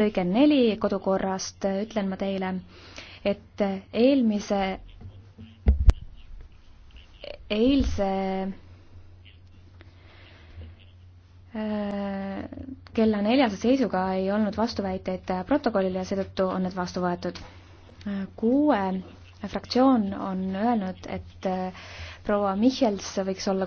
lõige neli kodukorrast ütlen ma teile, et eelmise, eilse äh, kella neljase seisuga ei olnud vastuväiteid protokollile ja seetõttu on need vastu võetud. kuue fraktsioon on öelnud, et äh, proua Michals võiks olla